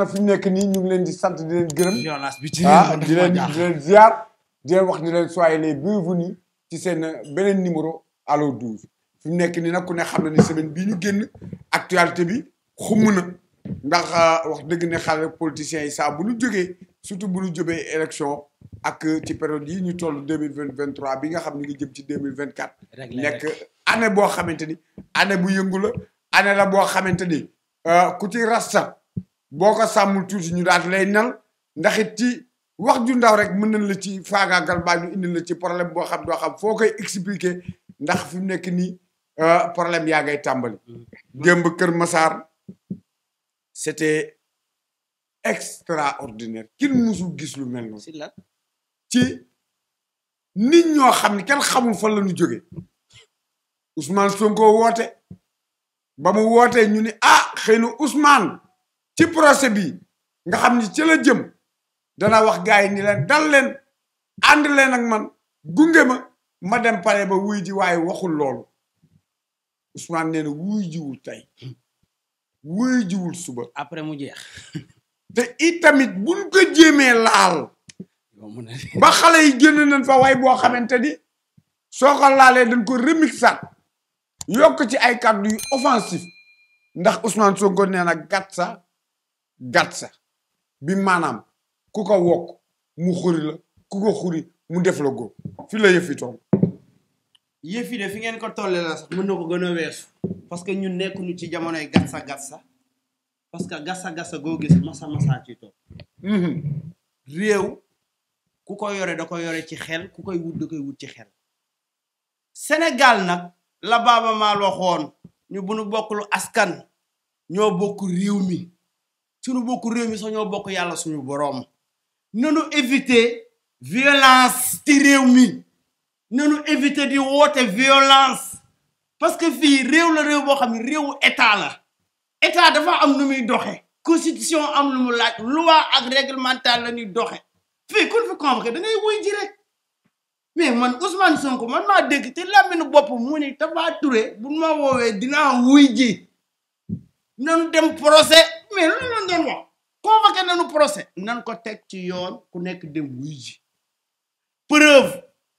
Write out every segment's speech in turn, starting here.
na fi mu nekk nii ñu ngi leen di sant di leen gërëm ah di leen di leen ziar di leen wax ni leen soyez les bienvenus ci seen beneen numéro allo 12 fi nekk nii nag ku ne xam na ni semaine bii ñu génn actualité bi xumm na ndax ah, wax dëgg ne xale politiciens yi saa bu ñu jógee surtout bu ñu jóbee élection ak ci période yi ñu toll deux mille vingt trois bi nga xam ni ngi jëm ci deux mille vingt quatre nekk année boo xamante ni année bu yëngu la année la boo xamante ni ah, ku ci rasta boo ko sàmmul tuuti ñu daal lay nal ndax it ci wax ju ndaw rek mën nañ la ci faagaagal baa ñu indi la ci problème boo xam doo xam foo koy expliquer ndax fi nekk nii euh, problème yaa ngay tàmbali. Mm-hmm. démb Kër Massar c'était extraordinaire kin musul gis lu mel noonu. ci nit ñoo xam ne ken xamul fan la ñu jógee Ousmane Sonko woote ba mu wootee ñu ni ah xëy na ci procès bi nga xam ni ci la jëm dana wax gars yi ni leen dal leen ànd leen ak man gunge ma ma dem pare ba wuy ji waaye waxul loolu Ousmane nee na wuy jiwul tey wuy jiwul suba. après mu jeex. te itamit buñ ko jéemee laal. ba xale yi génn nañ fa way boo xamante ni soo ko laalee dañ ko remixaat yokk ci ay kàddu yu offensif ndax Ousmane Sonko nee na gàtt sa bi maanaam ku ko wokk mu xuri la ku ko xuri mu def la góob fi la yëf yi fi ngeen ko tollee la sax mën na ko gën a weesu parce que ñun nekkuñu ci jamonoy gàtsa gàtsa parce que gàtsa gàtsa goo gis masa masa ci toog. Mhm. réew ku ko yore da ko yore ci xel ku koy wut da koy wut ci xel. senegal nag la baaba maal waxoon ñu bu nu bokklu askan ñoo bokk réew mi. suñu bokk réew mi sax ñoo bokk yàlla suñu boroom nanu éviter violence ci réew mi nanu éviter di woote violence parce que fii réew la réew boo xam ne réewu état la état dafa am nu muy doxe constitution am lu mu loi ak réglementaire la ñuy doxe fii kun fi convoqué da ngay wuy ji rek mais man Ousmane Sonko man maa dégg te làmmiñu bopp mu ni Tapha Touré bu ma woowee dina wuy ji nanu dem procès mais lan lañ doon wax convoqué nañu procès nan ko teg ci yoon ku nekk dem wuy ji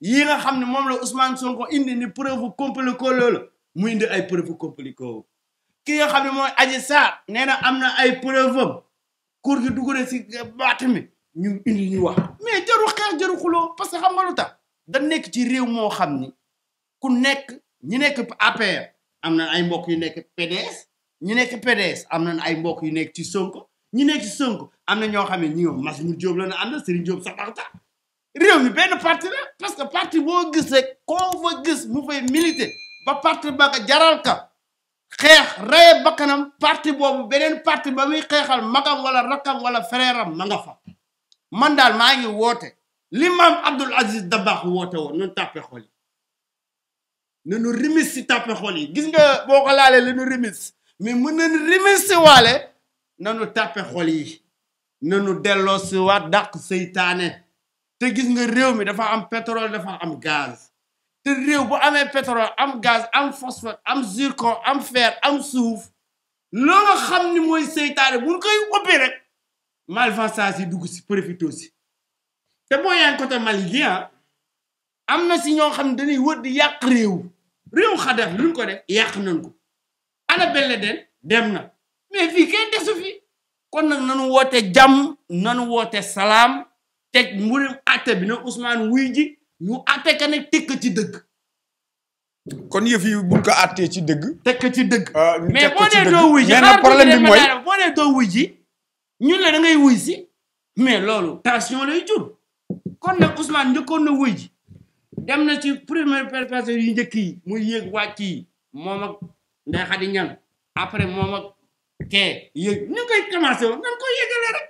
yi nga xam ne moom la son ko indi ni preuve compliqué la mu indi ay preuve compliqué ki nga xam ne mooy Adji Sarr nee na am na ay preuve am cour gi dugg na si baat mi ñu indi ñu wax mais jaru xeex jaru xuloo parce que xam nga lu tax da nekk ci réew moo xam ni ku nekk ñi nekk APR am na ay mbokk yu nekk PDS ñu nekk PDS am nañ ay mbokk yu nekk ci Sonko ñu nekk ci Sonko am na ñoo xam ne ñi ngi Massimou Diop la na ànd Serigne Diop Sabata réew mi benn parti la parce que parti boo gis rek koo fa mu fay militer ba parti ba jaral ka xeex raye bakkanam parti boobu beneen parti ba muy xeexal magam walla rakkam wala frèram ma fa man daal maa ngi woote li maam Abdoul Aziz Dabakh woote woon nunu tàppe xol yi nunu remise si tàppe xol yi gis nga boo ko laalee le nu remise mais mën nañ remercier waale nanu tàppe xol yi nanu delloo si waat dàq seytaane te gis nga réew mi dafa am pétrole dafa am gaz te réew bu amee pétrole am gaz am phosphore am zircon am fer am suuf loo nga xam ni mooy seytaane buñ koy ubbi rek malversation yi dugg si profité si te boo yaa ngi côté Mali gi ah, am na si ñoo xam ne dañuy wër di yàq réew réew xadar luñ ko de yàq nañ ko ana Ben Laden dem na mais fii kenn desu fi kon nag nanu woote jàmm nanu woote salaam teg mbirum àtte bi na Ousmane wuy ji ñu àtte ka ci dëgg. kon yëf yi buñ ko ci dëgg. teg ci dëgg. Ah, mais boo dee doo wuy ji mais problème bi mooy boo dee doo wuy ji ñun la da ngay wuy si mais loolu tension lay jur. kon nag Ousmane njëkkoon na wuy ji dem na ci première personne yu njëkk yi muy yéeg wàcc yi moom Ndeye Khady Niang après moom ak kee yëg ñu koy commencé woon nan ko yëgalee rek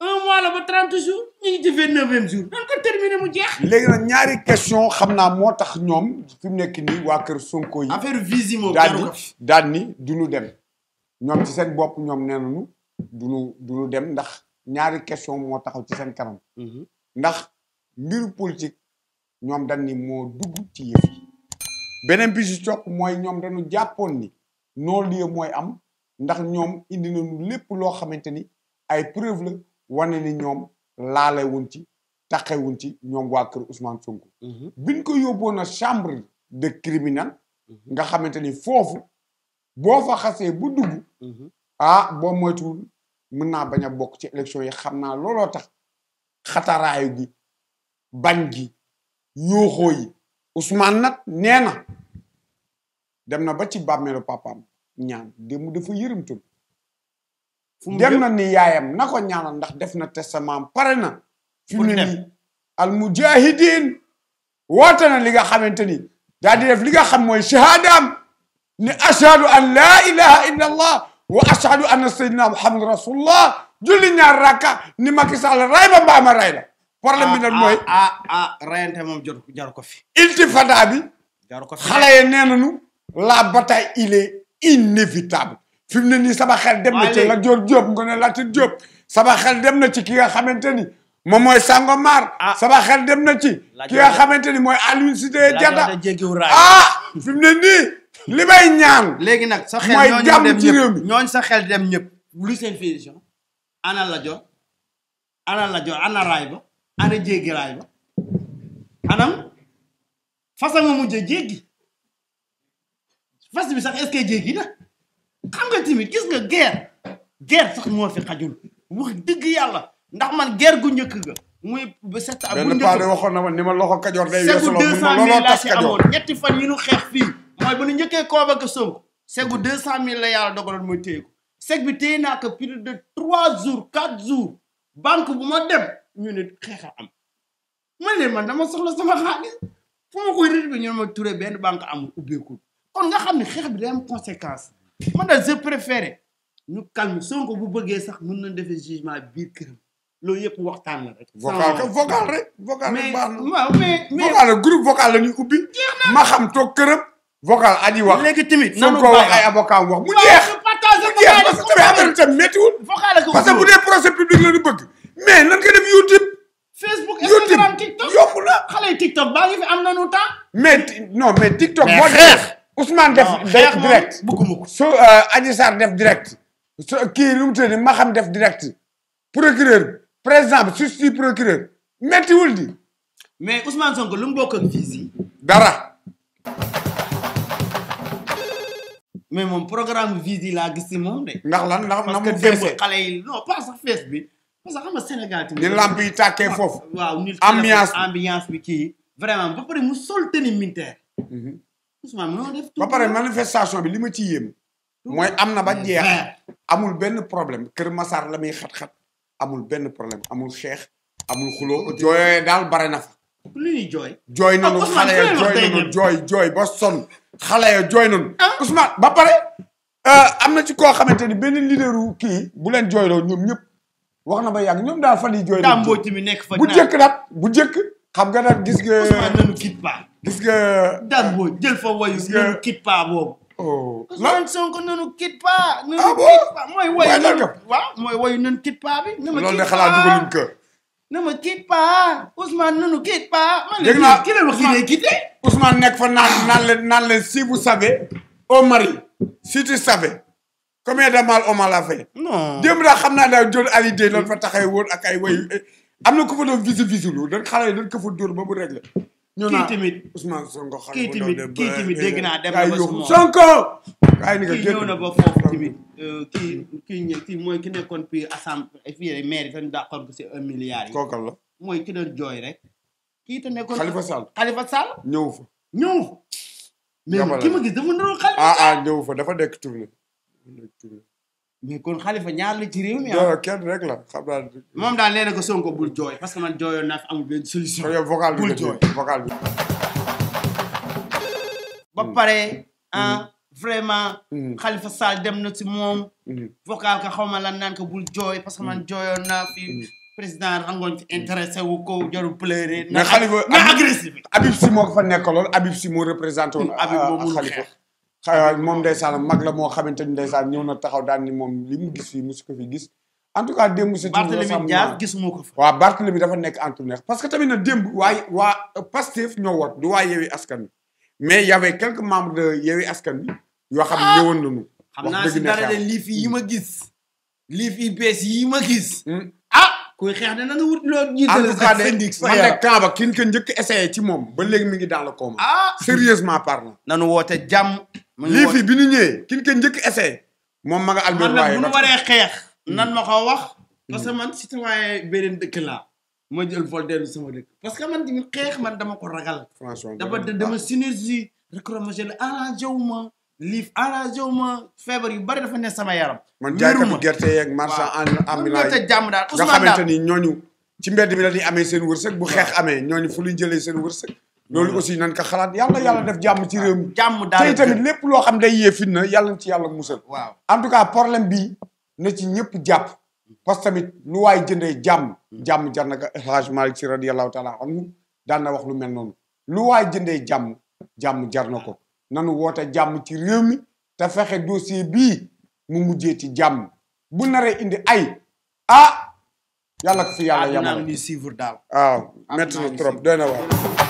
un mois la ba trente jours ñu ngi ci vingt neuvième jour nan ko mu jeex. léegi nag ñaari question xam naa moo tax ñoom fi nekk nii waa kër Sonko yi. affaire visi moom ni du ñu dem ñoom ci seen bopp ñoom nee nañu du dem ndax ñaari question moo taxaw ci seen kanam. Mhm. ndax mbiru politique ñoom dañ ni moo dugg ci beneen bi si mooy ñoom dañu jàppoon ni non-lieu mooy am ndax ñoom indi nañu lépp loo xamante ni ay preuve la wane ni ñoom laale ci taxewuñ ci ñoom waa kër Ousmane Sonko. Mhm. biñ ko yóbboon a chambre de criminel. Mhm. nga xamante ni foofu boo fa xasee bu dugg. Mhm. ah boo moytuwul mën naa bañ a bokk ci élection yi xam naa looloo tax xataraayu gi bañ gi yooxoo Ousmane nag nee na dem na ba ci bàmmeelu papaam ñaan démb dafa yërëmtul dem na ni yaayam na ko ndax def na testament pare na fi mu ne nii al mujahidin woote na li nga xamante ni daal di def li nga xam mooy shahaadaam ni ashhadu an laa ilaha illa allah wa ashhadu anna sayyidina muhammad rasulullah julli ñaar rakka ni Macky Sall ray ba mbaama problème ah, bi nag mooy ah ah, ah rayante moom jot jaru ko fi. iltifada bi. jaru ko fi xale yi nee nañu la bataille il est inévitable. fi mu ne nii sama dem na ci la joor Diop nga ne Latir Diop. sama xel dem na ci ki nga xamante ni moom mooy Sangomar. ah sama xel dem na ci. ki nga xamante ni mooy Alioune Sidé Diatta ah fi mu ne li may ñaan. léegi nag sa xel mooy jàmm ci réew mi ñooñu sa dem ñëpp. lu seen fii la Dior ana la ana jéggi raay ba anam fasa ma mujj jéggi fas bi sax est-ce que jéggi na xam nga tamit gis nga guerre guerre sax moo fi xajul wax dëgg yàlla ndax man guerre gu njëkk ga muy ba set a bu njëkk benn na ma ni ma loxo kajoor day weesu loolu looloo tas kajoor ñetti fan yi nu deux cent mille la yàlla dogaloon mooy téye ko seg bi téye naa ko plus de trois jours quatre jours banque bu ma dem ñu ne xeexa am man leen man dama soxla sama xaalis fu ma koy rëdd bi ñu ne ma Touré benn banque amul ubbeekul kon nga xam ne xeex bi day am conséquence man daal je préféré ñu calme Sonko bu bëggee sax mu nañ defee jugement biir këram loolu yëpp waxtaan la rek. vocal vocal rek. vocal rek baax na waaw mais vocal groupe vocal ubbi. ma xam toog këram. vocal aji wax léegi tamit nanu ko wax ay avocat wax mu jeex. mu jeex parce que tamit affaire bi tamit méttiwul. vocal la ko parce que bu dee procès public la ñu mais nan koy YouTube. Facebook Instagram TikTok yomb na. xale yi TikTok baa ngi fi am nañu temps. mais non mais TikTok. moo xeex Ousmane def. Euh, def direct bëgguma ko. su def direct. su kii nu mu ma xam def direct. procureur président bi substitut procureur méttiwul di. mais Ousmane Sonko lu mu bokk ak dara. moom programme visi laa gis si moom de. ndax lan ndax mu fees bi. parce que xam nga Sénégal tamit. ni lamp yi tàkkee foofu. waaw ambiance bi kii. vraiment ba pare mu sol tenue militaire. Mhm. ba pare manifestation bi li ma ci yéem. mooy am na ba mmh, jeex. amul benn problème Kër Massar la mi xat-xat amul benn problème amul xeex amul xuloo jooyee daal bare na fa. lu jooy. jooy ah, nañu jooy nañu jooy jooy ba sonn xale ya jooy nañu. Ah. Ousmane ba pare euh, am na ci koo xamante ni benn leaderu kii bu leen jooyloo ñoom ñëpp. wax na ba yàgg ñoom daal fan yi jooy nañu ko mi nekk fa bu jëkk nag bu jëkk xam nga nag gis nga. Ousmane nanu kit paa. gis nga. Dambo jël fa woyu nanu kit paa boobu. oh Ousmane Sonko nanu kit paa. ah bon mooy woyu nanu waaw mooy woyu nanu kit paa bi. na ma kit paa loolu de xalaat dugaluñ ko. na ma kit paa Ousmane nanu kit paa. man la ki la wax ki dee kite. Ousmane nekk fa naan naan leen naan leen si vous savez au mari si tu savais. combien a na ku fa ko fa dóor ba mu réglé. ñu naan kii tamit Ousmane Sonko xam kii tamit dégg naa dem Sonko. kii ñëw na ba foofu tamit euh, kii kii ki nekkoon fii a fii rek maire dañu d'accord que c'est un milliard. kookal la mooy ki kii nekkoon Khalifa Sall Khalifa ma gis dafa naroon Khalifa ah, ah, mais kon xalifa ñaar la ci réew ah. kenn rek la xam naa. moom daal nee na bul jooy parce que man jooyoon naa fi amul benn solution. vocal bul jooy ba mm. pare ah mm. vraiment. Mm. xalifa saa dem na ci moom. vocal ka xaw ma lan naan ko bul jooy parce que man jooyoon naa fi. président rangoñ fi intéressé wu ko jarul pleurer. mais xalifa na agressif. si moo ko fa nekkaloon Habib si moo représenté woon. moo mun xalifa xay moom ndeysaan mag la moo xamante ni ndeysaan ñëw na taxaw daan ni moom li mu gis fii mosu ko fi gis en tout cas démb c'est Barthélemy Dias gisuma ko fa parce que tamit na démb waa Pastef ñoo wat du waa Yewwi Askan Wi mais y avait quelques de Yewwi Askan Wi yoo xam ne ah! ñëwoon nañu xam naa si dara de lii fii hmm. ma gis lii fii bees yi ma gis hmm. ah kuy xeex de na nga wut loo jiital sax syndic sa man kin ko njëkk essayé ci moom ba léegi mi ngi dans le coma ah sérieusement parlant nanu lii fii bi ñu ñëwee kin ko njëkk essayé moom ma nga almer waaye xeex nan ma ko wax mm. parce que man citoyen beneen dëkk la ma jël vol dellu sama dëkk parce que man tamit xeex man dama ko ragal dama dama ah. synergie recromagé arrangé wu ma liif arrangé wu ma feebar yu bari dafa ne sama yaram man jaaykatu gerte yeeg marchand ambulant yi jàmm daal nga xamante ni ñooñu ci mbedd mi la ñuy amee seen wërsëg bu xeex amee ñooñu fu luy jëlee seen wërsëg loolu aussi nañ ka xalaat yàlla yàlla def jàmm ci réew mi. jàmm daal tey tamit lépp loo xam day yee fitna yàlla na ci yàlla musal. waaw en tout cas problème bi na ci ñëpp jàpp. parce que tamit lu waay jënde jàmm. Hmm. jàmm jar na ko El Hadj Malick Sy radiyallahu na wax lu mel noonu lu waay jëndee jàmm jàmm jar na ko nanu woote jàmm ci réew mi te fexe dossier bi mu mujjee ci jàmm bu naree indi ay ah. yàlla ko fi yàlla yamale ah dinaa daal. waaw métti